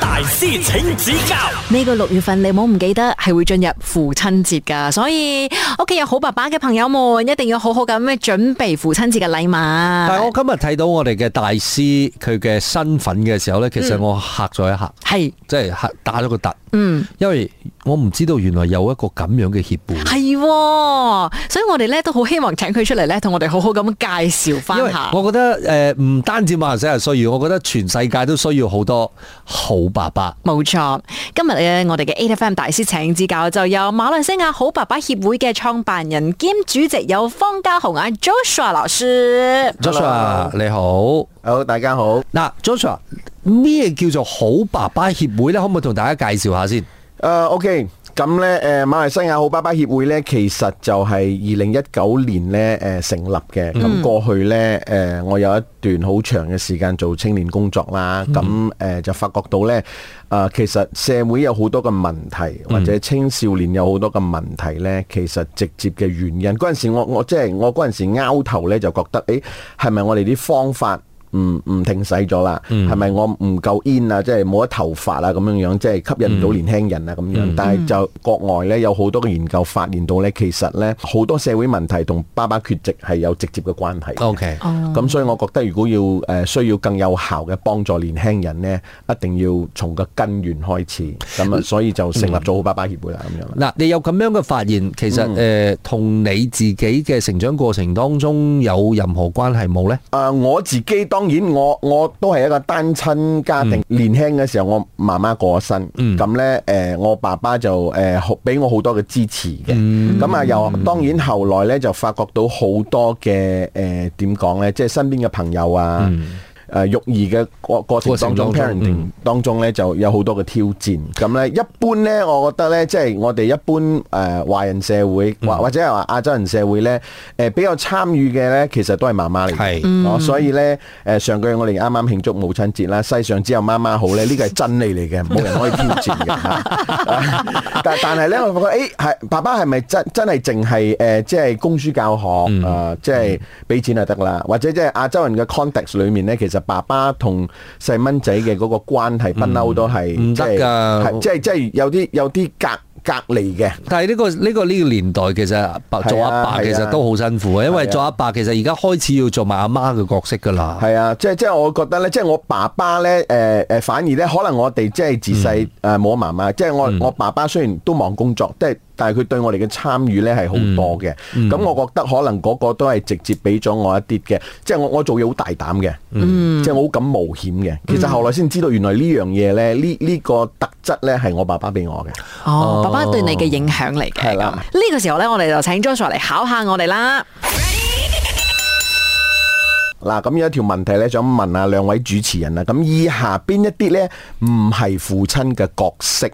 大師請指教。呢個六月份你唔好唔記得係會進入父親節噶，所以屋企有好爸爸嘅朋友們一定要好好咁去準備父親節嘅禮物。但係我今日睇到我哋嘅大師佢嘅身份嘅時候呢，其實我吓咗一下，係、嗯、即係吓打咗個突。嗯，因為我唔知道原來有一個咁樣嘅協會，係、哦，所以我哋咧都好希望請佢出嚟咧，同我哋好好咁介紹翻下。我覺得誒，唔、呃、單止馬來西亞需要，我覺得全世界都需要好多好爸爸。冇錯，今日咧我哋嘅 ATFM 大師請指教就有馬來西亞好爸爸協會嘅創辦人兼主席有方家雄眼 Joshua 老師。Joshua Hello. 你好，Hello 大家好。嗱 Joshua 咩叫做好爸爸協會呢？可唔可以同大家介紹下先？誒、uh，OK，咁呢誒，馬來西亞好爸爸協會呢，其實就係二零一九年呢，誒成立嘅。咁、嗯、過去呢，誒，我有一段好長嘅時間做青年工作啦。咁誒、嗯，就發覺到呢，誒，其實社會有好多嘅問題，嗯、或者青少年有好多嘅問題呢，其實直接嘅原因。嗰陣、嗯、時我我即係、就是、我嗰陣時拗頭呢，就覺得誒，係、欸、咪我哋啲方法？唔唔停洗咗啦，係咪我唔夠煙啊？即係冇得頭髮啊？咁樣樣即係吸引唔到年輕人啊？咁樣，但係就國外咧有好多嘅研究發現到咧，其實咧好多社會問題同爸爸缺席係有直接嘅關係。O K，哦，咁所以我覺得如果要誒需要更有效嘅幫助年輕人咧，一定要從個根源開始。咁啊，所以就成立咗好爸爸協會啦，咁樣。嗱，你有咁樣嘅發現，其實誒同你自己嘅成長過程當中有任何關係冇咧？誒，我自己當。當然我，我我都係一個單親家庭。嗯、年輕嘅時候，我媽媽過身，咁呢、嗯、誒、呃、我爸爸就誒、俾、呃、我好多嘅支持嘅。咁啊、嗯、又、呃、當然後來呢，就發覺到好多嘅，誒、呃、點講呢，即係身邊嘅朋友啊。嗯誒、呃，育兒嘅過過程當中，當中咧、嗯、就有好多嘅挑戰。咁咧，一般咧，我覺得咧，即、就、係、是、我哋一般誒、呃、華人社會，或、嗯、或者係話亞洲人社會咧，誒、呃、比較參與嘅咧，其實都係媽媽嚟嘅。我是、嗯啊、所以咧，誒、呃、上個月我哋啱啱慶祝母親節啦，世上只有媽媽好咧，呢個係真理嚟嘅，冇 人可以挑戰嘅。但係咧，我覺得，誒、欸、爸爸係咪真真係淨係誒，即、呃、係、就是、供書教學啊，即係俾錢就得啦？或者即係亞洲人嘅 context 裡面咧，其實。爸爸同細蚊仔嘅嗰個關係，嗯、是不嬲都係唔得㗎，即係即係有啲有啲隔隔離嘅。但係呢、呢個呢個呢個年代其實、啊、做阿爸，爸其實都好辛苦，啊、因為做阿爸，爸其實而家開始要做埋阿媽嘅角色㗎啦。係啊，即係即係我覺得咧，即、就、係、是、我爸爸咧，誒、呃、誒，反而咧，可能我哋即係自細誒冇媽媽，即係、嗯啊就是、我、嗯、我爸爸雖然都忙工作，即係。但係佢對我哋嘅參與咧係好多嘅，咁、嗯嗯、我覺得可能嗰個都係直接俾咗我一啲嘅，即、就、係、是，我我做嘢好大膽嘅，即係、嗯、我好敢冒險嘅。嗯、其實後來先知道，原來呢樣嘢咧，呢呢、這個特質咧係我爸爸俾我嘅。哦，哦爸爸對你嘅影響嚟嘅。係啦，呢了個時候咧，我哋就請 Joshua 嚟考，考下我哋啦。嗱、嗯、咁有一條問題咧，想問下兩位主持人啊，咁以下邊一啲咧唔係父親嘅角色？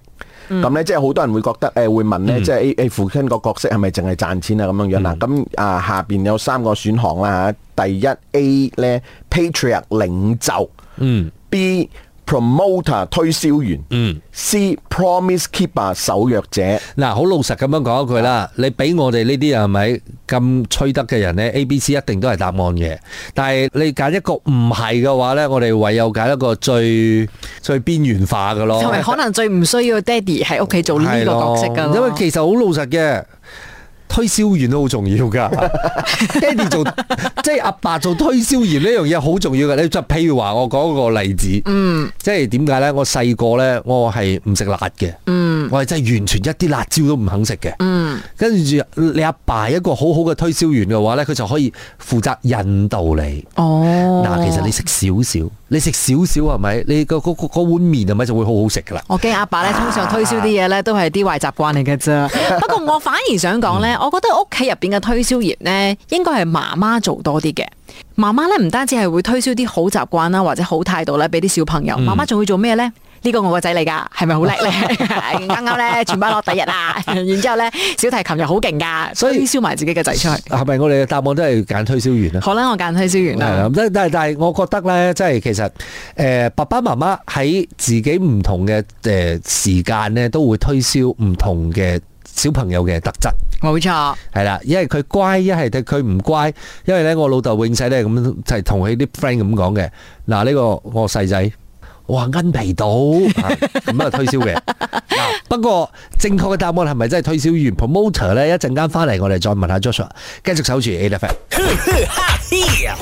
咁咧，即係好多人會覺得，誒、呃、會問咧，嗯、即係 A、哎、父親個角色係咪淨係賺錢啊？咁樣樣啦，咁、嗯、啊下邊有三個選項啦嚇，第一 A 咧 Patriarch 領袖，嗯 B。Promoter 推銷員，嗯，C Promise Keeper 守約者，嗱好、嗯、老實咁樣講一句啦，你俾我哋呢啲係咪咁吹得嘅人呢 A、B、C 一定都係答案嘅，但係你揀一個唔係嘅話呢，我哋唯有揀一個最最邊緣化嘅咯，可能最唔需要爹哋喺屋企做呢個角色嘅，因為其實好老實嘅。推銷員都好重要噶，爹哋做即係阿爸做推銷員呢樣嘢好重要噶。你就譬如話我講個例子，嗯，即係點解咧？我細個咧，我係唔食辣嘅，嗯。我係真係完全一啲辣椒都唔肯食嘅。嗯，跟住你阿爸，爸一個好好嘅推銷員嘅話呢，佢就可以負責引導你。哦，嗱、啊，其實你食少少，你食少少係咪？你、嗰個碗麵係咪就會好好食噶啦？我驚阿爸呢，通常推銷啲嘢呢都係啲壞習慣嚟嘅啫。啊、 不過我反而想講呢，我覺得屋企入邊嘅推銷員呢應該係媽媽做多啲嘅。媽媽呢唔單止係會推銷啲好習慣啦，或者好態度咧，俾啲小朋友。媽媽仲會做咩呢？是是呢個我個仔嚟噶，係咪好叻咧？啱啱咧，全班攞第一啦。然之後咧，小提琴就好勁噶，所以銷埋自己嘅仔出去。係咪我哋嘅答案都係揀推銷員啊？可能我揀推銷員啦。但但係我覺得咧，即係其實誒、呃，爸爸媽媽喺自己唔同嘅誒時間咧，都會推銷唔同嘅小朋友嘅特質。冇錯錯，係啦，一係佢乖，一係佢唔乖。因為咧，我老豆永世咧咁，就係同佢啲 friend 咁講嘅。嗱，呢、這個我細仔。哇，恩皮到，咁啊，推銷嘅。 不過正確嘅答案係咪真係推銷員 promoter 咧？一陣間翻嚟，我哋再問下 Joshua，繼續守住 A 哎呀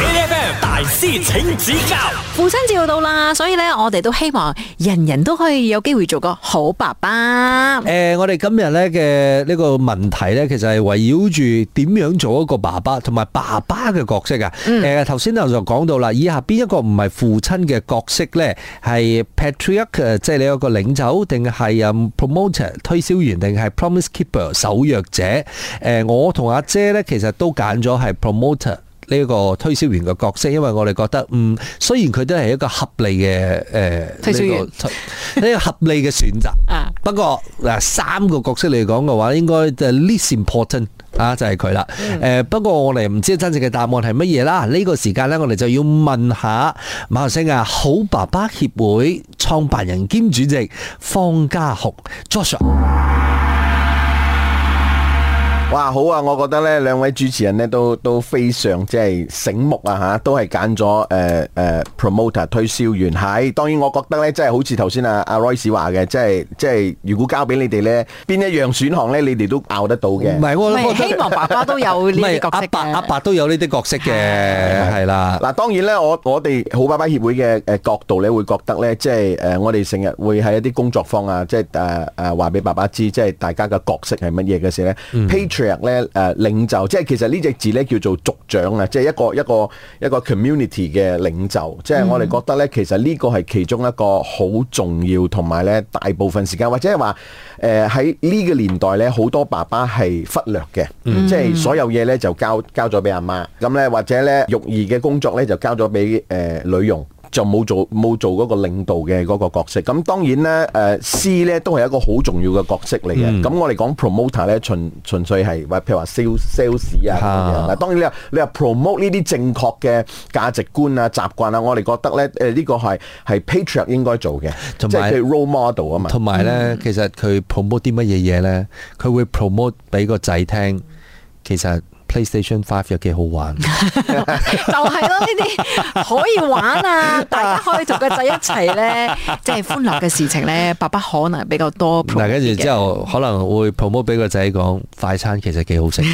！N F M 大師請指教，父親節又到啦，所以咧我哋都希望人人都可以有機會做個好爸爸。誒，我哋今日咧嘅呢個問題咧，其實係圍繞住點樣做一個爸爸，同埋爸爸嘅角色啊。誒，頭先就講到啦，以下邊一個唔係父親嘅角色咧，係 Patriarch 即係你有個領袖，定係誒 promoter 推銷員，定係 promise keeper 守約者。誒，我同阿姐咧，其實都揀咗係 promoter。呢一個推銷員嘅角色，因為我哋覺得，嗯，雖然佢都係一個合理嘅，誒、呃，呢、這個呢個合理嘅選擇。啊， 不過嗱三個角色嚟講嘅話，應該就 the least important 啊，就係佢啦。誒、嗯呃，不過我哋唔知真正嘅答案係乜嘢啦。呢、這個時間呢，我哋就要問下馬來西亞，好爸爸協會創辦人兼主席方家雄 Joshua。哇，好啊！我覺得咧，兩位主持人咧都都非常即係醒目啊吓，都係揀咗誒誒 promoter 推銷員。係，當然我覺得咧，即係好似頭先阿阿 Royce 話嘅，即係即係如果交俾你哋咧，邊一樣選項咧，你哋都拗得到嘅。唔係，希望爸爸都有呢啲角色。唔係阿伯，阿伯都有呢啲角色嘅，係啦。嗱，當然咧，我我哋好爸爸協會嘅誒角度咧，會覺得咧，即係誒我哋成日會喺一啲工作坊啊，即係誒誒話俾爸爸知，即係大家嘅角色係乜嘢嘅時候咧。咧誒領袖，即係其實呢隻字咧叫做族長啊，即係一個一個一個 community 嘅領袖，即係我哋覺得咧，其實呢個係其中一個好重要同埋咧，大部分時間或者係話誒喺呢個年代咧，好多爸爸係忽略嘅，即係所有嘢咧就交交咗俾阿媽，咁咧或者咧育兒嘅工作咧就交咗俾誒女傭，就冇做冇做嗰個領導嘅嗰個角色，咁當然咧，誒 C 咧都係一個好重要嘅角色嚟嘅。咁我哋講 promoter 咧，純純粹係話譬如話 sell sales 啊咁樣。嗱，當然咧，你話 promote 呢啲正確嘅價值觀啊、習慣啊，我哋覺得咧，誒呢個係係 patriarch 應該做嘅，即係佢 role model 啊嘛。同埋咧，其實佢 promote 啲乜嘢嘢咧，佢會 promote 俾個仔聽，其實。PlayStation Five 有幾好玩 就、就係咯，呢啲可以玩啊！ 大家可以同個仔一齊咧， 即係歡樂嘅事情咧，爸爸可能比較多。嗱，跟住之後可能會 promo 俾個仔講，快餐其實幾好食。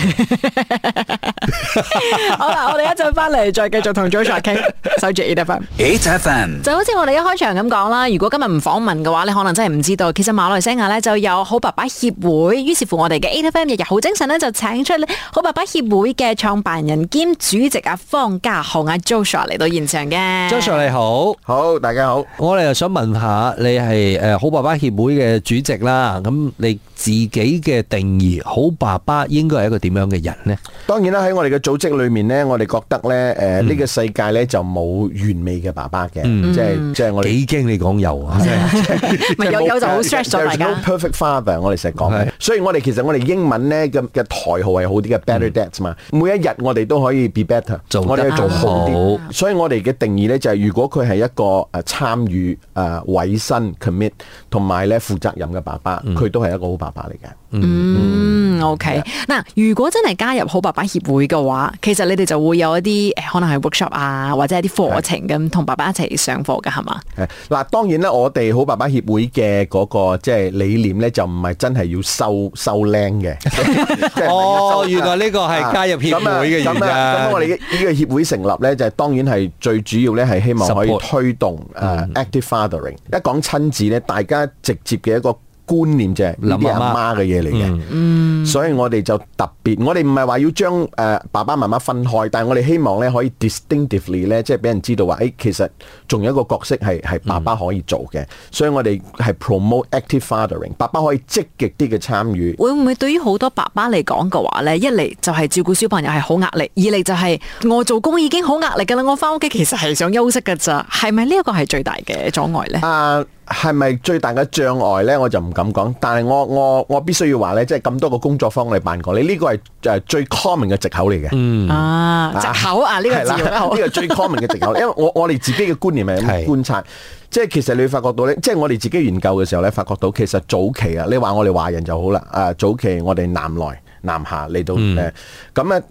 好啦，我哋一陣翻嚟再繼續同 Joshua 傾，收住 8FM。8FM 就好似我哋一開場咁講啦，如果今日唔訪問嘅話，你可能真係唔知道，其實馬來西亞咧就有好爸爸協會，於是乎我哋嘅 8FM 日日好精神咧，就請出好爸爸協會。會嘅創辦人兼主席阿方家豪阿 Joshua 嚟到現場嘅，Joshua 你好，好大家好，我哋又想問下你係誒好爸爸協會嘅主席啦，咁你自己嘅定義好爸爸應該係一個點樣嘅人咧？當然啦，喺我哋嘅組織裏面咧，我哋覺得咧，誒呢個世界咧就冇完美嘅爸爸嘅，即係即係我幾驚你講有啊，係咪有有就好 stress 咗嚟噶？No perfect father，我哋成日講，所以我哋其實我哋英文咧嘅嘅台號係好啲嘅，better than。每一日我哋都可以 be better，< 做得 S 2> 我哋要做好啲。啊、所以我哋嘅定義呢，就係如果佢係一個誒參與、誒委身 commit，同埋咧負責任嘅爸爸，佢、嗯、都係一個好爸爸嚟嘅。嗯。嗯。O K，嗱，如果真係加入好爸爸協會嘅話，其實你哋就會有一啲誒，可能係 workshop 啊，或者係啲課程咁，同爸爸一齊上課嘅，係嘛？誒，嗱，當然咧，我哋好爸爸協會嘅嗰個即係理念咧，就唔係真係要收收靚嘅。哦，原來呢個係加入協會嘅嘢啫。咁我哋呢個協會成立咧，就係當然係最主要咧，係希望可以推動誒 Active Fathering。一講親子咧，大家直接嘅一個。觀念就係，啲阿媽嘅嘢嚟嘅，嗯、所以我哋就特別，我哋唔係話要將誒、呃、爸爸媽媽分開，但係我哋希望咧可以 distinctively 咧，即係俾人知道話，誒、欸、其實仲有一個角色係係爸爸可以做嘅，嗯、所以我哋係 promote active fathering，爸爸可以積極啲嘅參與。會唔會對於好多爸爸嚟講嘅話咧，一嚟就係照顧小朋友係好壓力，二嚟就係我做工已經好壓力㗎啦，我翻屋企其實係想休息㗎咋，係咪呢一個係最大嘅、呃、障礙咧？啊，係咪最大嘅障礙咧？我就唔咁講，但係我我我必須要話咧，即係咁多個工作坊我哋辦過，你呢個係誒最 common 嘅藉口嚟嘅。嗯、啊藉口啊呢個 藉口，呢個最 common 嘅藉口，因為我我哋自己嘅觀念係咁觀察，的即係其實你會發覺到咧，即係我哋自己研究嘅時候咧，發覺到其實早期啊，你話我哋華人就好啦啊，早期我哋南來南下嚟到誒，咁啊、嗯，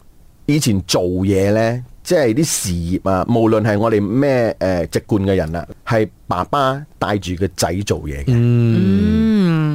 以前做嘢咧，即係啲事業啊，無論係我哋咩誒籍貫嘅人啊，係爸爸帶住個仔做嘢嘅。嗯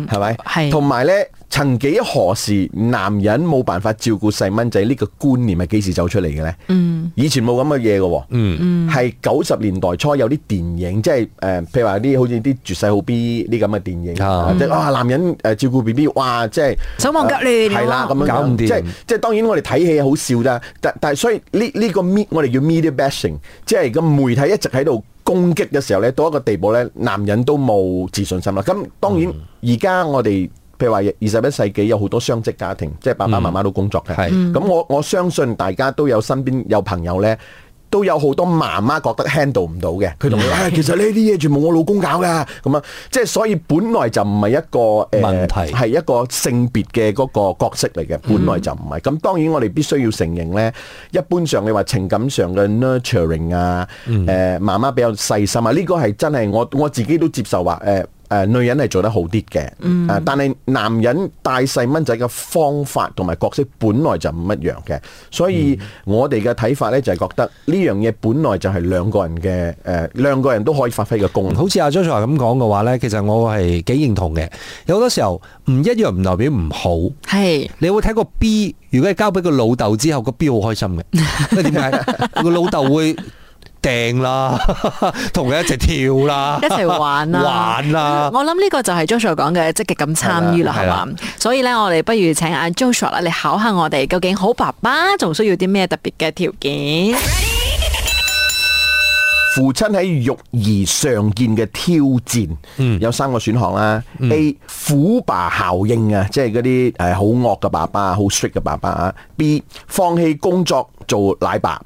係咪？係。同埋咧，曾幾何時，男人冇辦法照顧細蚊仔呢個觀念係幾時走出嚟嘅咧？嗯，以前冇咁嘅嘢嘅喎。嗯嗯，係九十年代初有啲電影，即係誒、呃，譬如話啲好似啲絕世好 B 啲咁嘅電影，即係啊，啊，啊，男人誒照顧 B B，哇，即係手忙腳亂，係、啊、啦，咁樣搞唔掂。即係即係，當然我哋睇戲好笑啫。但但係，所以呢、這、呢個 mi，我哋叫 media bashing，即係個媒體、就是媒體、就是媒體一直喺度。攻擊嘅時候咧，到一個地步咧，男人都冇自信心啦。咁當然而家我哋、嗯、譬如話二十一世紀有好多雙職家庭，即係爸爸媽媽都工作嘅。咁、嗯、我我相信大家都有身邊有朋友呢。都有好多媽媽覺得 handle 唔到嘅，佢同你話：其實呢啲嘢全部我老公搞嘅咁啊！即係所以本來就唔係一個問題，係、呃、一個性別嘅嗰個角色嚟嘅，本來就唔係。咁、嗯、當然我哋必須要承認呢，一般上你話情感上嘅 nurturing 啊，誒、呃、媽媽比較細心啊，呢、這個係真係我我自己都接受話誒。呃誒、呃，女人係做得好啲嘅，誒、呃，但係男人帶細蚊仔嘅方法同埋角色本來就唔一樣嘅，所以我哋嘅睇法呢，就係、是、覺得呢樣嘢本來就係兩個人嘅，誒、呃，兩個人都可以發揮嘅功能。嗯、好似阿張卓華咁講嘅話呢，其實我係幾認同嘅。有好多時候唔一樣唔代表唔好，係是你會睇個 B，如果係交俾個老豆之後，個 B 好開心嘅，點解個老豆會？掟啦，同你定 一齊跳啦， 一齊玩啦， 玩啦了！我諗呢個就係 Joshua 講嘅積極咁參與啦，係嘛？所以呢，我哋不如請阿 Joshua 啦，你考下我哋究竟好爸爸仲需要啲咩特別嘅條件？ 父親喺育兒常見嘅挑戰，嗯、有三個選項啦、嗯、：A. 虎爸效應啊，即係嗰啲誒好惡嘅爸爸，好 strict 嘅爸爸啊；B. 放棄工作做奶爸。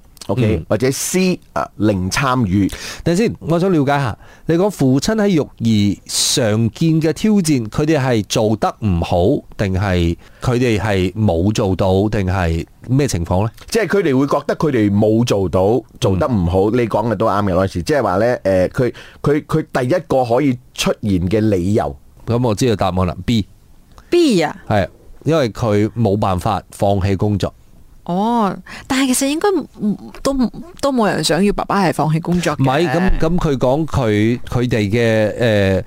或者 C 啊，零參與。等先，我想了解下你講父親喺育兒常見嘅挑戰，佢哋係做得唔好，定係佢哋係冇做到，定係咩情況呢？即係佢哋會覺得佢哋冇做到，做得唔好。你講嘅都啱嘅，Louis。即係話呢，誒，佢佢佢第一個可以出現嘅理由。咁我知道答案啦，B。B 啊？係，因為佢冇辦法放棄工作。哦，但係其實應該都都冇人想要爸爸係放棄工作嘅。唔係咁，咁，佢講佢佢哋嘅，誒，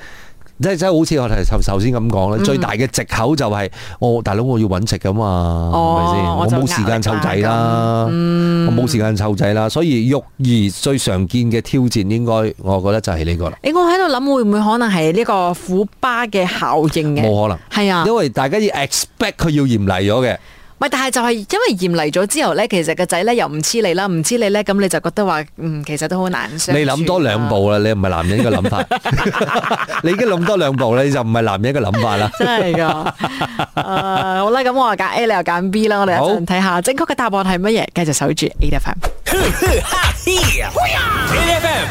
即即係好似我哋頭先咁講啦，最大嘅借口就係我大佬我要搵食噶嘛，係咪先？嗯、我冇時間湊仔啦，嗯、我冇時間湊仔啦，所以育兒最常見嘅挑戰應該，應該我覺得就係呢個啦。誒，我喺度諗會唔會可能係呢個虎爸嘅效應嘅？冇可能，係啊，因為大家要 expect 佢要嚴厲咗嘅。唔但係就係因為嫌嚟咗之後咧，其實個仔咧又唔黐你啦，唔黐你咧，咁你就覺得話，嗯，其實都好難相、啊、你諗多兩步啦，你唔係男人嘅個諗法， 你已經諗多兩步啦，你就唔係男人嘅 個諗法啦。真係噶，好啦，咁我話揀 A，你又揀 B 啦，我哋一陣睇下正確嘅答案係乜嘢，繼續守住 AiFM M,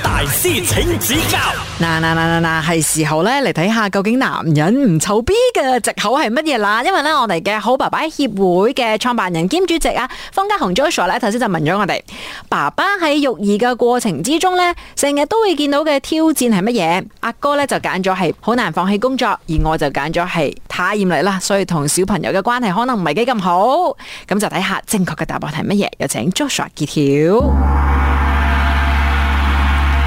大師請指教。嗱嗱嗱嗱嗱，係時候咧嚟睇下究竟男人唔湊 B 嘅借口係乜嘢啦？因為咧，我哋嘅好爸爸協會嘅創辦人兼主席啊，方家雄 Joshua 咧，頭先就問咗我哋，爸爸喺育兒嘅過程之中呢，成日都會見到嘅挑戰係乜嘢？阿哥咧就揀咗係好難放棄工作，而我就揀咗係太嚴厲啦，所以同小朋友嘅關係可能唔係幾咁好。咁就睇下正確嘅答案係乜嘢？有請 Joshua 揭曉。好，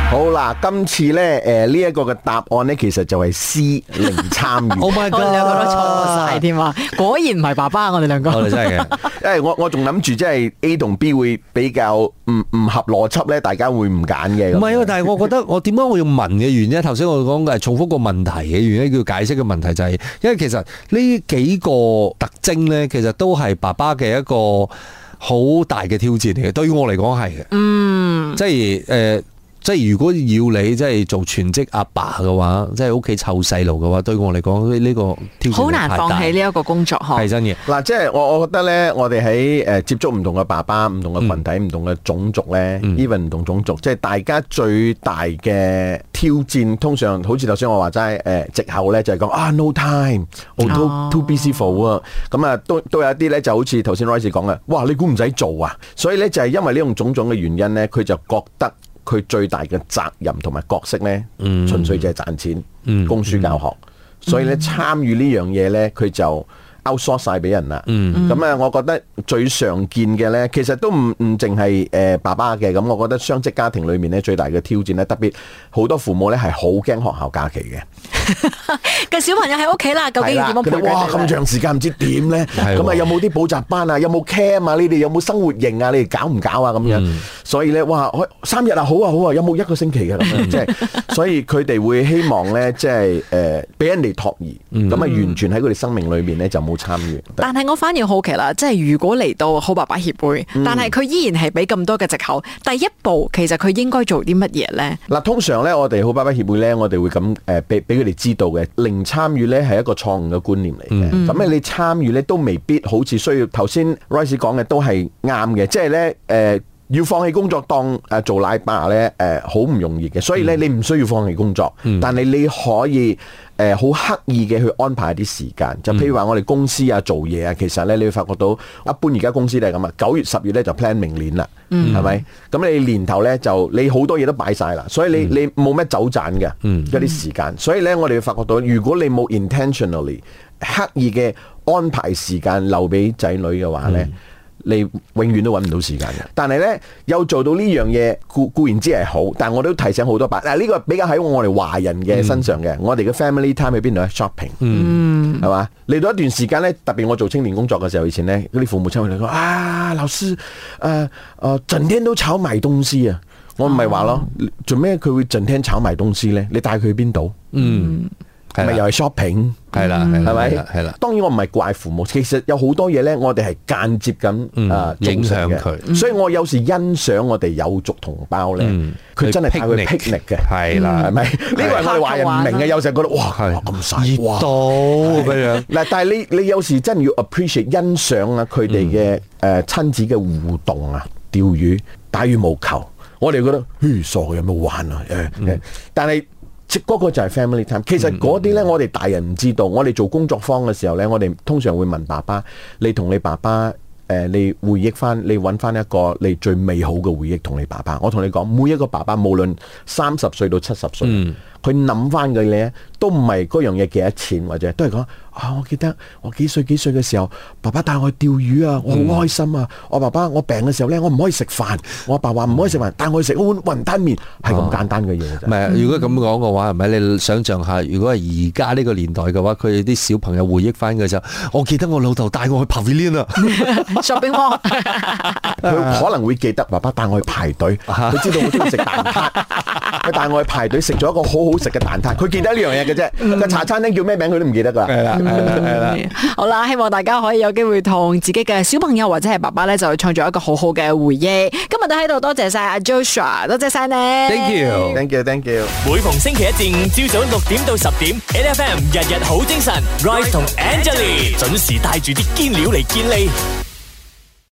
好嗱，今次咧，誒，呢一個嘅答案咧，其實就係 C 零參與。Oh my god！我哋兩個都錯晒添啊？果然唔係爸爸，我哋兩個。我哋真係嘅，誒，我我仲諗住即係 A 同 B 會比較唔唔合邏輯咧，大家會唔揀嘅。唔係啊，但係我覺得我點解我要問嘅原因，頭先我講嘅係重複個問題嘅原因，要解釋嘅問題就係，因為其實呢幾個特徵咧，其實都係爸爸嘅一個。好大嘅挑戰嚟嘅，對於我嚟講係嘅，嗯即，即係誒。即係如果要你即係做全職阿爸嘅話，即係屋企湊細路嘅話，對我嚟講呢，呢個挑戰太大。好難放棄呢一個工作，係真嘅嗱、啊。即係我我覺得呢，我哋喺誒接觸唔同嘅爸爸、唔、嗯、同嘅群體、唔、嗯、同嘅種族呢 even 唔同種族，即係大家最大嘅挑戰，通常好似頭先我話齋誒藉口，呢就係、是、講啊 no time，oh too too busy for 啊咁啊，哦嗯、都都有一啲呢就好似頭先 Rice 講嘅，哇你估唔使做啊？所以呢，就係、是、因為呢種種種嘅原因呢，佢就覺得。佢最大嘅責任同埋角色呢，嗯、純粹就係賺錢、嗯、供書教學，嗯、所以咧參與呢樣嘢呢，佢就 outsource 晒俾人啦。咁啊、嗯，我覺得最常見嘅呢，其實都唔唔淨係誒爸爸嘅，咁我覺得雙職家庭裏面呢，最大嘅挑戰呢，特別好多父母呢，係好驚學校假期嘅。個 小朋友喺屋企啦，究竟要點樣？哇！咁長時間唔知點咧，咁啊 對耶 有冇啲補習班啊？有冇 cam 啊？你哋有冇生活營啊？你哋搞唔搞啊？咁樣，所以咧，哇！三日啊，好啊，好啊，有冇一個星期啊？咁樣，即係，所以佢哋會希望咧，即係誒，俾、呃、人哋托兒咁啊，嗯、完全喺佢哋生命裏面咧就冇參與。但係我反而好奇啦，即係如果嚟到好爸爸協會，但係佢依然係俾咁多嘅藉口，第一步其實佢應該做啲乜嘢咧？嗱，通常咧，我哋好爸爸協會咧，我哋會咁誒，俾俾佢哋。知道嘅零參與呢係一個錯誤嘅觀念嚟嘅，咁、嗯、你參與呢都未必好似需要頭先 Rice 講嘅都係啱嘅，即係呢誒要放棄工作當誒做奶爸呢誒好唔容易嘅，所以呢，你唔需要放棄工作，嗯、但係你可以。誒好、呃、刻意嘅去安排一啲時間，就譬如話我哋公司啊、嗯、做嘢啊，其實呢，你會發覺到，一般而家公司都係咁啊，九月十月呢就 plan 明年啦，係咪、嗯？咁你年頭呢，就你好多嘢都擺晒啦，所以你你冇咩走盞嘅、嗯、一啲時間，所以呢，我哋會發覺到，如果你冇 intentionally 刻意嘅安排時間留俾仔女嘅話呢。嗯嗯。你永遠都揾唔到時間嘅，但係咧又做到呢樣嘢固固然之係好，但係我都提醒好多爸，嗱、啊、呢、這個比較喺我哋華人嘅身上嘅，嗯、我哋嘅 family time 喺邊度啊？shopping，係嘛？嚟、嗯、到一段時間咧，特別我做青年工作嘅時候以前咧，嗰啲父母親嚟講啊，老師，誒、啊、誒，整天都炒賣東西啊！我唔係話咯，嗯、做咩佢會整天炒賣東西咧？你帶佢去邊度？嗯。嗯係咪又係 shopping？係啦，係咪？係啦，當然我唔係怪父母。其實有好多嘢咧，我哋係間接咁啊影響佢。所以我有時欣賞我哋有族同胞咧，佢真係帶佢 picnic 嘅。係啦，係咪？呢個係我哋華人唔明嘅。有時覺得哇，咁晒哇，熱到咁樣。嗱，但係你你有時真要 appreciate 欣賞啊，佢哋嘅誒親子嘅互動啊，釣魚、打羽毛球，我哋覺得虛傻有冇玩啊？但係。嗰個就係 family time。其實嗰啲呢，我哋大人唔知道。我哋做工作坊嘅時候呢，我哋通常會問爸爸：你同你爸爸誒、呃，你回憶翻，你揾翻一個你最美好嘅回憶同你爸爸。我同你講，每一個爸爸，無論三十歲到七十歲。嗯佢諗翻佢咧，都唔係嗰樣嘢幾多錢，或者都係講啊，我記得我幾歲幾歲嘅時候，爸爸帶我去釣魚啊，我好開心啊！嗯、我爸爸我病嘅時候咧，我唔可以食飯，我爸爸話唔可以食飯，嗯、帶我去食碗雲吞麵，係咁簡單嘅嘢。唔係、啊，如果咁講嘅話，係咪？你想象下，如果係而家呢個年代嘅話，佢哋啲小朋友回憶翻嘅時候，我記得我老豆帶我去爬綿啊，Shopping mall，佢可能會記得爸爸帶我去排隊，佢知道我中意食蛋撻，佢帶我去排隊食咗一個好好食嘅蛋撻，佢記得呢樣嘢嘅啫。個茶餐廳叫咩名？佢都唔記得㗎。係啦，係啦，係啦。好啦，希望大家可以有機會同自己嘅小朋友或者係爸爸咧，就創造一個好好嘅回憶。今日都喺度，多謝曬阿 Joshua，多謝曬你。Thank you，thank you，thank you。每逢星期一至五，朝早六點到十點，NFM 日日好精神，Right 同 Angelie 準時帶住啲堅料嚟堅利。